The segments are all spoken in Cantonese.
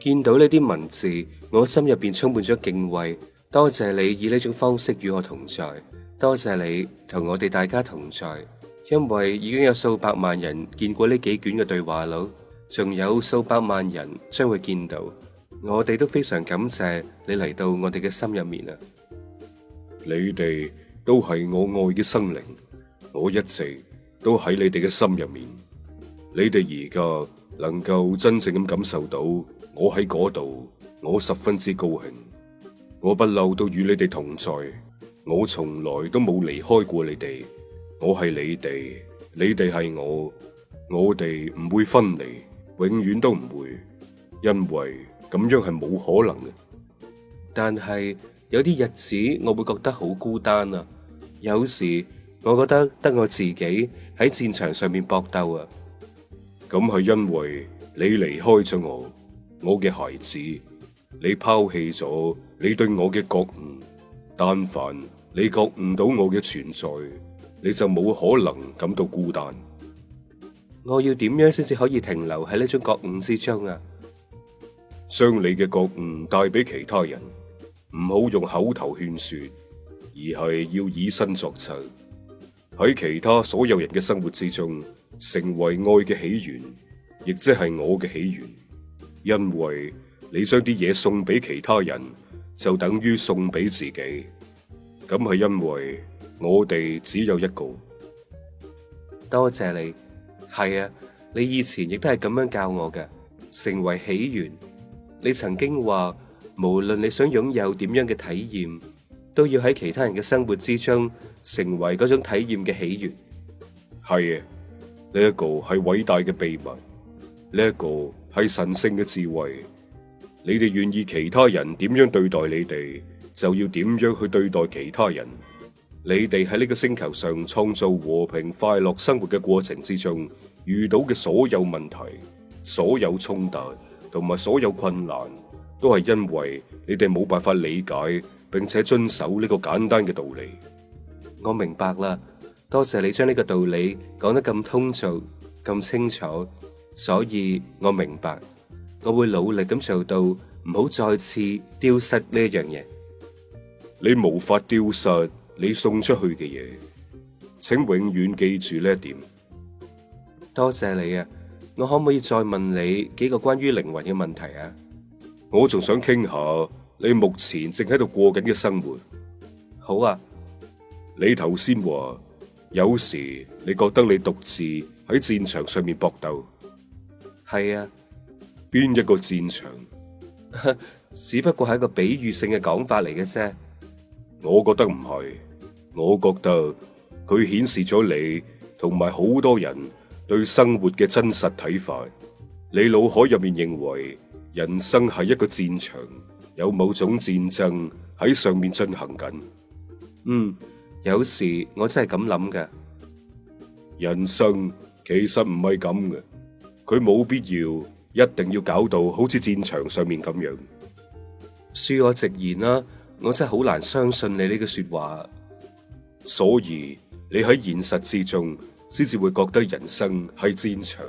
見到呢啲文字，我心入邊充滿咗敬畏。多謝你以呢種方式與我同在，多謝你同我哋大家同在。因為已經有數百萬人見過呢幾卷嘅對話錄，仲有數百萬人將會見到。我哋都非常感謝你嚟到我哋嘅心入面啊！你哋都係我愛嘅生靈，我一直都喺你哋嘅心入面。你哋而家能夠真正咁感受到。我喺嗰度，我十分之高興。我不嬲都與你哋同在，我從來都冇離開過你哋。我係你哋，你哋係我，我哋唔會分離，永遠都唔會，因為咁樣係冇可能嘅。但係有啲日子我會覺得好孤單啊，有時我覺得得我自己喺戰場上面搏鬥啊，咁係因為你離開咗我。我嘅孩子，你拋棄咗你對我嘅覺悟，但凡你覺悟到我嘅存在，你就冇可能感到孤單。我要點樣先至可以停留喺呢種覺悟之中啊？將你嘅覺悟帶俾其他人，唔好用口頭勸說，而係要以身作則，喺其他所有人嘅生活之中成為愛嘅起源，亦即係我嘅起源。因為你將啲嘢送俾其他人，就等於送俾自己。咁係因為我哋只有一個。多謝你。係啊，你以前亦都係咁樣教我嘅。成為起源，你曾經話，無論你想擁有點樣嘅體驗，都要喺其他人嘅生活之中，成為嗰種體驗嘅起源。係啊，呢一個係偉大嘅秘密。呢一個。係神聖嘅智慧，你哋願意其他人點樣對待你哋，就要點樣去對待其他人。你哋喺呢個星球上創造和平快樂生活嘅過程之中，遇到嘅所有問題、所有衝突同埋所有困難，都係因為你哋冇辦法理解並且遵守呢個簡單嘅道理。我明白啦，多謝你將呢個道理講得咁通俗、咁清楚。所以我明白，我會努力咁做到唔好再次丟失呢一樣嘢。你無法丟失你送出去嘅嘢，請永遠記住呢一點。多謝你啊！我可唔可以再問你幾個關於靈魂嘅問題啊？我仲想傾下你目前正喺度過緊嘅生活。好啊，你頭先話，有時你覺得你獨自喺戰場上面搏鬥。係啊，邊一個戰場？ 只不過係一個比喻性嘅講法嚟嘅啫。我覺得唔係，我覺得佢顯示咗你同埋好多人對生活嘅真實睇法。你腦海入面認為人生係一個戰場，有某種戰爭喺上面進行緊。嗯，有時我真係咁諗嘅。人生其實唔係咁嘅。佢冇必要一定要搞到好似戰場上面咁樣。恕我直言啦，我真係好難相信你呢句說話。所以你喺現實之中，先至會覺得人生係戰場，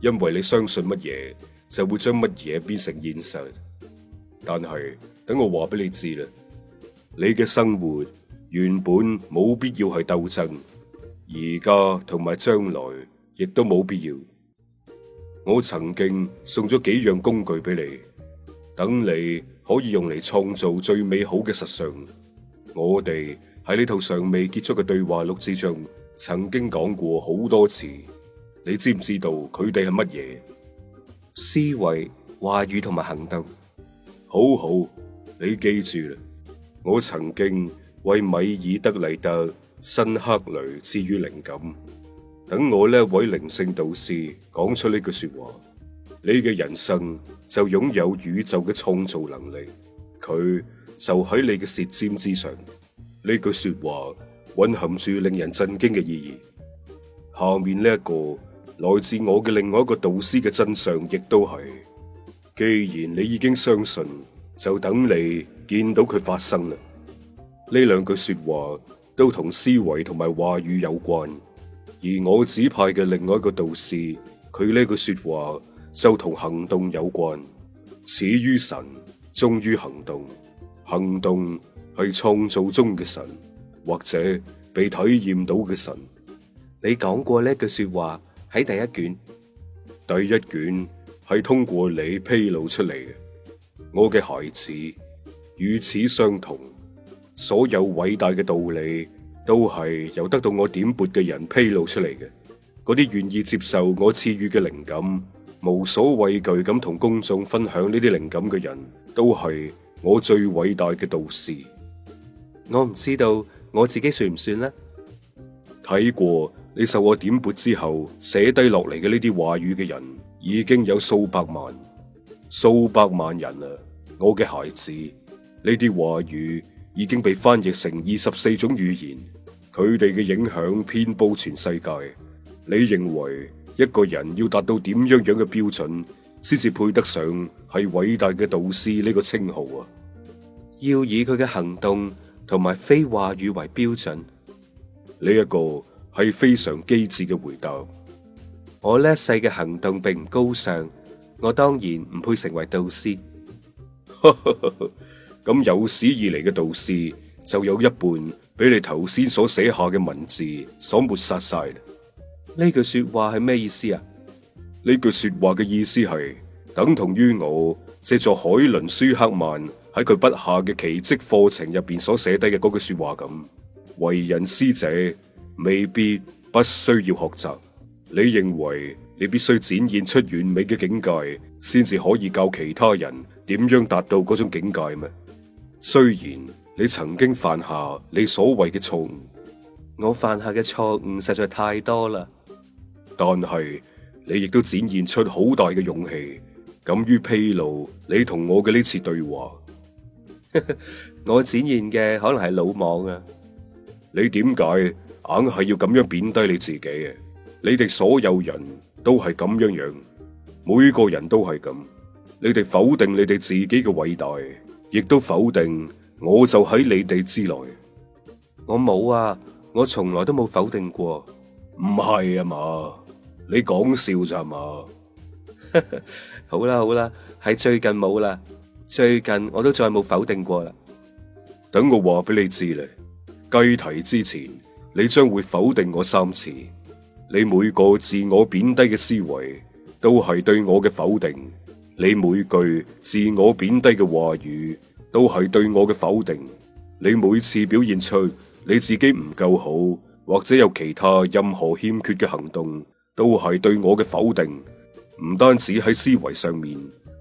因為你相信乜嘢，就會將乜嘢變成現實。但係等我話俾你知啦，你嘅生活原本冇必要係鬥爭，而家同埋將來亦都冇必要。我曾經送咗幾樣工具俾你，等你可以用嚟創造最美好嘅實相。我哋喺呢套尚未結束嘅對話錄之中，曾經講過好多次。你知唔知道佢哋係乜嘢？思維、話語同埋行動。好好，你記住啦。我曾經為米爾德麗特辛克雷賜予靈感。等我呢一位靈性導師講出呢句說話，你嘅人生就擁有宇宙嘅創造能力，佢就喺你嘅舌尖之上。呢句說話蘊含住令人震驚嘅意義。下面呢一個來自我嘅另外一個導師嘅真相亦都係，既然你已經相信，就等你見到佢發生啦。呢兩句說話都同思維同埋話語有關。而我指派嘅另外一個導師，佢呢句說話就同行動有關。始於神，終於行動。行動係創造中嘅神，或者被體驗到嘅神。你講過呢句說話喺第一卷，第一卷係通過你披露出嚟嘅。我嘅孩子與此相同，所有偉大嘅道理，都係由得到我點撥嘅人披露出嚟嘅，嗰啲願意接受我賜予嘅靈感、無所畏懼咁同公眾分享呢啲靈感嘅人，都係我最偉大嘅導師。我唔知道我自己算唔算呢？睇過你受我點撥之後寫低落嚟嘅呢啲話語嘅人，已經有數百萬、數百萬人啦，啊，我嘅孩子，呢啲話語。已經被翻譯成二十四種語言，佢哋嘅影響遍布全世界。你認為一個人要達到點樣樣嘅標準，先至配得上係偉大嘅導師呢個稱號啊？要以佢嘅行動同埋非話語為標準，呢一個係非常機智嘅回答。我呢一世嘅行動並唔高尚，我當然唔配成為導師。 咁有史以嚟嘅導師就有一半俾你頭先所寫下嘅文字所抹殺晒啦。呢句說話係咩意思啊？呢句說話嘅意思係等同於我借助海倫舒克曼喺佢筆下嘅奇蹟課程入邊所寫低嘅嗰句說話咁。為人師者未必不需要學習。你認為你必須展現出完美嘅境界，先至可以教其他人點樣達到嗰種境界咩？雖然你曾經犯下你所謂嘅錯誤，我犯下嘅錯誤實在太多啦。但係你亦都展現出好大嘅勇氣，敢於披露你同我嘅呢次對話。 我展現嘅可能係魯莽啊！你點解硬係要咁樣貶低你自己嘅？你哋所有人都係咁樣樣，每個人都係咁。你哋否定你哋自己嘅偉大。亦都否定，我就喺你哋之內。我冇啊，我從來都冇否定過。唔係啊嘛，你講笑咋嘛？ 好啦好啦，喺最近冇啦，最近我都再冇否定過啦。等我話俾你知咧，雞啼之前，你將會否定我三次。你每個自我貶低嘅思維，都係對我嘅否定。你每句自我貶低嘅話語，都係對我嘅否定；你每次表現出你自己唔夠好，或者有其他任何欠缺嘅行動，都係對我嘅否定。唔單止喺思維上面，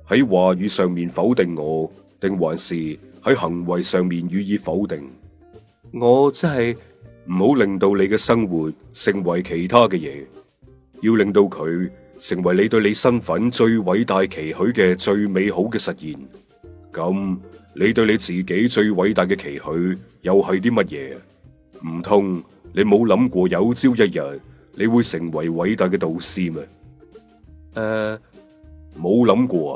喺話語上面否定我，定還是喺行為上面予以否定。我真係唔好令到你嘅生活成為其他嘅嘢，要令到佢。成為你對你身份最偉大期許嘅最美好嘅實現，咁你對你自己最偉大嘅期許又係啲乜嘢？唔通你冇諗過有朝一日你會成為偉大嘅導師咩？誒，冇諗過啊，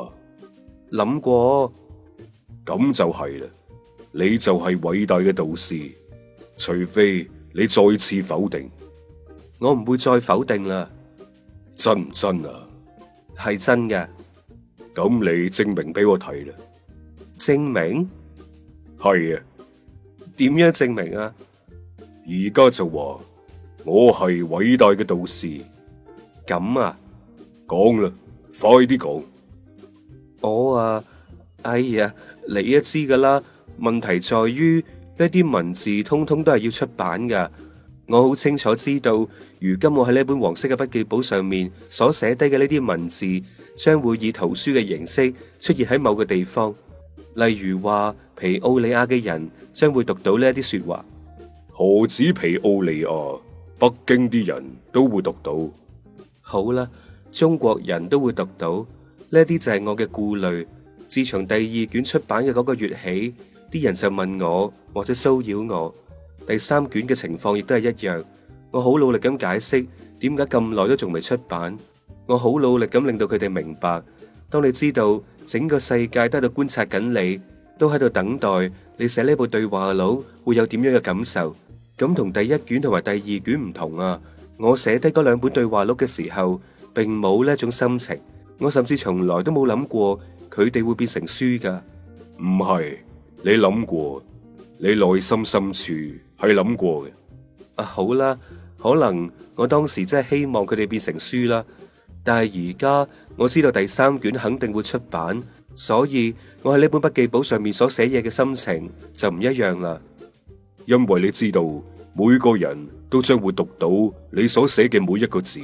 諗過，咁就係啦，你就係偉大嘅導師，除非你再次否定，我唔會再否定啦。真唔真啊？係真嘅，咁你證明俾我睇啦。證明係啊？點樣證明啊？而家就話我係偉大嘅導師，咁啊，講啦，快啲講。我啊，哎呀，你一知噶啦。問題在於呢啲文字通通都係要出版噶。我好清楚知道，如今我喺呢本黃色嘅筆記簿上面所寫低嘅呢啲文字，將會以圖書嘅形式出現喺某個地方，例如話皮奧利亞嘅人將會讀到呢啲說話。何止皮奧利亞，北京啲人都會讀到。好啦，中國人都會讀到呢啲，就係我嘅顧慮。自從第二卷出版嘅嗰個月起，啲人就問我或者騷擾我。第三卷嘅情況亦都係一樣，我好努力咁解釋點解咁耐都仲未出版，我好努力咁令到佢哋明白。當你知道整個世界都喺度觀察緊你，都喺度等待你寫呢部對話錄，會有點樣嘅感受。咁同第一卷同埋第二卷唔同啊！我寫低嗰兩本對話錄嘅時候，並冇呢種心情，我甚至從來都冇諗過佢哋會變成書噶。唔係，你諗過，你內心深處。係諗過嘅，啊好啦，可能我當時真係希望佢哋變成書啦，但係而家我知道第三卷肯定會出版，所以我喺呢本筆記簿上面所寫嘢嘅心情就唔一樣啦。因為你知道，每個人都將會讀到你所寫嘅每一個字。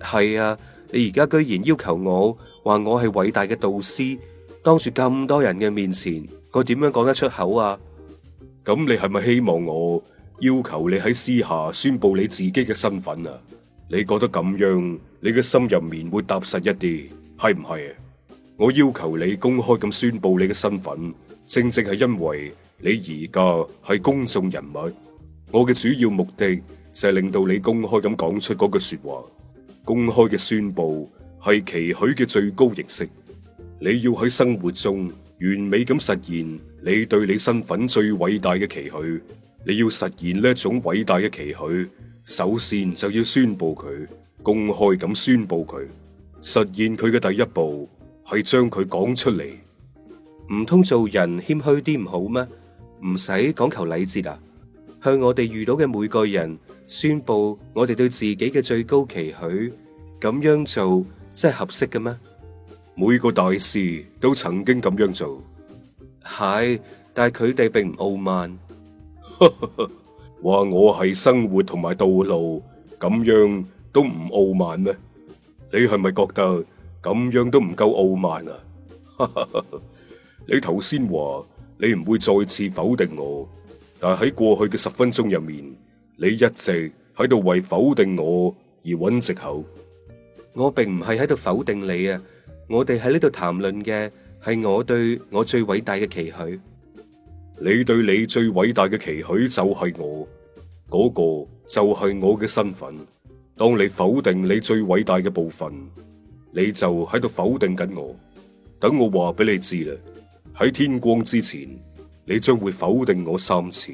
係啊，你而家居然要求我話我係偉大嘅導師，當住咁多人嘅面前，我點樣講得出口啊？咁你係咪希望我要求你喺私下宣布你自己嘅身份啊？你覺得咁樣你嘅心入面會踏實一啲係唔係？我要求你公開咁宣布你嘅身份，正正係因為你而家係公眾人物。我嘅主要目的就係令到你公開咁講出嗰句說話。公開嘅宣布係期許嘅最高形式。你要喺生活中。完美咁實現你對你身份最偉大嘅期許，你要實現呢種偉大嘅期許，首先就要宣布佢，公開咁宣布佢，實現佢嘅第一步係將佢講出嚟，唔通做人謙虛啲唔好咩？唔使講求禮節啊，向我哋遇到嘅每個人宣布我哋對自己嘅最高期許，咁樣做真係合適嘅咩？每個大師都曾經咁樣做，係，但係佢哋並唔傲慢。話我係生活同埋道路，咁樣都唔傲慢咩？你係咪覺得咁樣都唔夠傲慢啊？你頭先話你唔會再次否定我，但係喺過去嘅十分鐘入面，你一直喺度為否定我而揾藉口。我並唔係喺度否定你啊！我哋喺呢度談論嘅係我對我最偉大嘅期許，你對你最偉大嘅期許就係我，嗰個就係我嘅身份。當你否定你最偉大嘅部分，你就喺度否定緊我。等我話俾你知啦，喺天光之前，你將會否定我三次，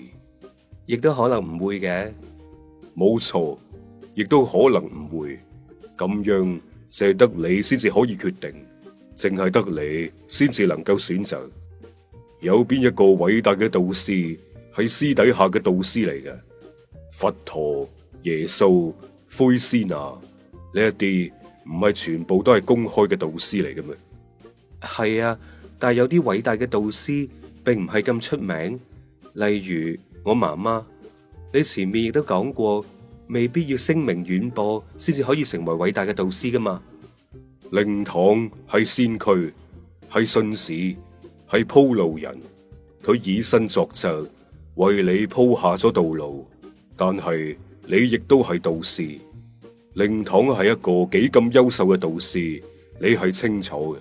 亦都可能唔會嘅。冇錯，亦都可能唔會。咁樣，捨得你先至可以決定。淨係得你先至能夠選擇，有邊一個偉大嘅導師係私底下嘅導師嚟嘅？佛陀、耶穌、灰斯娜，呢一啲唔係全部都係公開嘅導師嚟嘅咩？係啊，但係有啲偉大嘅導師並唔係咁出名，例如我媽媽，你前面亦都講過，未必要聲名遠播先至可以成為偉大嘅導師噶嘛？令堂係先驅，係信使，係鋪路人。佢以身作則，為你鋪下咗道路。但係你亦都係導師。令堂係一個幾咁優秀嘅導師，你係清楚嘅。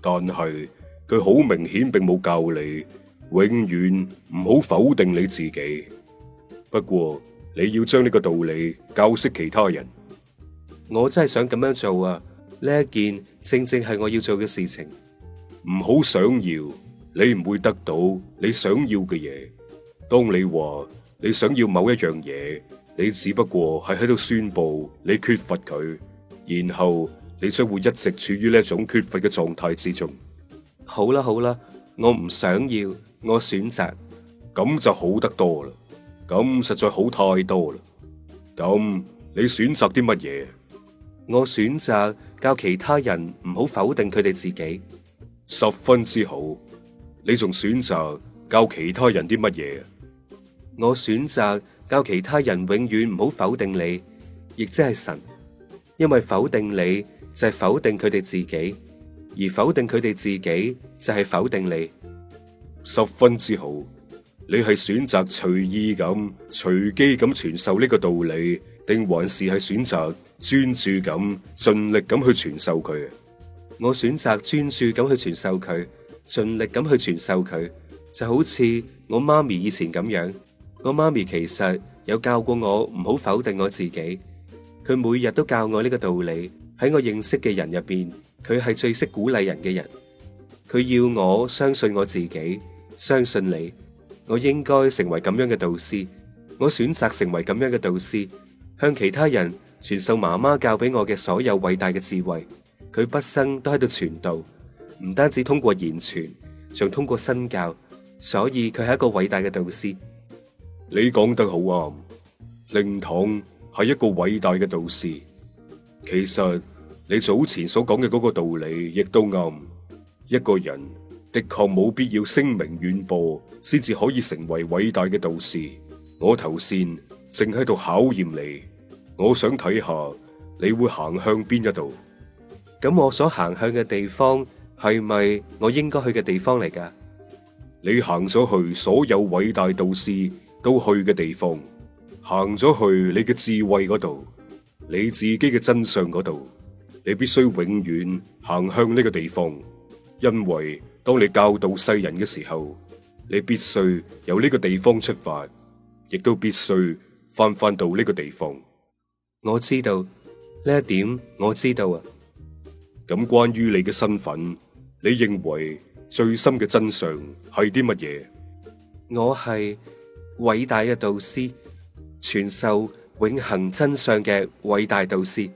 但係佢好明顯並冇教你，永遠唔好否定你自己。不過你要將呢個道理教識其他人。我真係想咁樣做啊！呢一件正正係我要做嘅事情，唔好想要，你唔會得到你想要嘅嘢。當你話你想要某一樣嘢，你只不過係喺度宣布你缺乏佢，然後你將會一直處於呢種缺乏嘅狀態之中。好啦好啦，我唔想要，我選擇，咁就好得多啦，咁實在好太多啦，咁你選擇啲乜嘢？我選擇教其他人唔好否定佢哋自己，十分之好。你仲選擇教其他人啲乜嘢？我選擇教其他人永遠唔好否定你，亦即係神，因為否定你就係否定佢哋自己，而否定佢哋自己就係否定你。十分之好，你係選擇隨意咁、隨機咁傳授呢個道理，定還是係選擇？專注咁，盡力咁去傳授佢。我選擇專注咁去傳授佢，盡力咁去傳授佢，就好似我媽咪以前咁樣。我媽咪其實有教過我唔好否定我自己，佢每日都教我呢個道理。喺我認識嘅人入邊，佢係最識鼓勵人嘅人。佢要我相信我自己，相信你，我應該成為咁樣嘅導師。我選擇成為咁樣嘅導師，向其他人。傳授媽媽教俾我嘅所有偉大嘅智慧，佢畢生都喺度傳道，唔單止通過言傳，仲通過身教，所以佢係一個偉大嘅導師。你講得好啱，令堂係一個偉大嘅導師。其實你早前所講嘅嗰個道理亦都啱。一個人的確冇必要聲名遠播，先至可以成為偉大嘅導師。我頭先淨喺度考驗你。我想睇下你會行向邊一度？咁我所行向嘅地方係咪我應該去嘅地方嚟㗎？你行咗去所有偉大導師都去嘅地方，行咗去你嘅智慧嗰度，你自己嘅真相嗰度，你必須永遠行向呢個地方。因為當你教導世人嘅時候，你必須由呢個地方出發，亦都必須返返到呢個地方。我知道呢一點，我知道啊。咁關於你嘅身份，你認為最深嘅真相係啲乜嘢？我係偉大嘅導師，傳授永恆真相嘅偉大導師。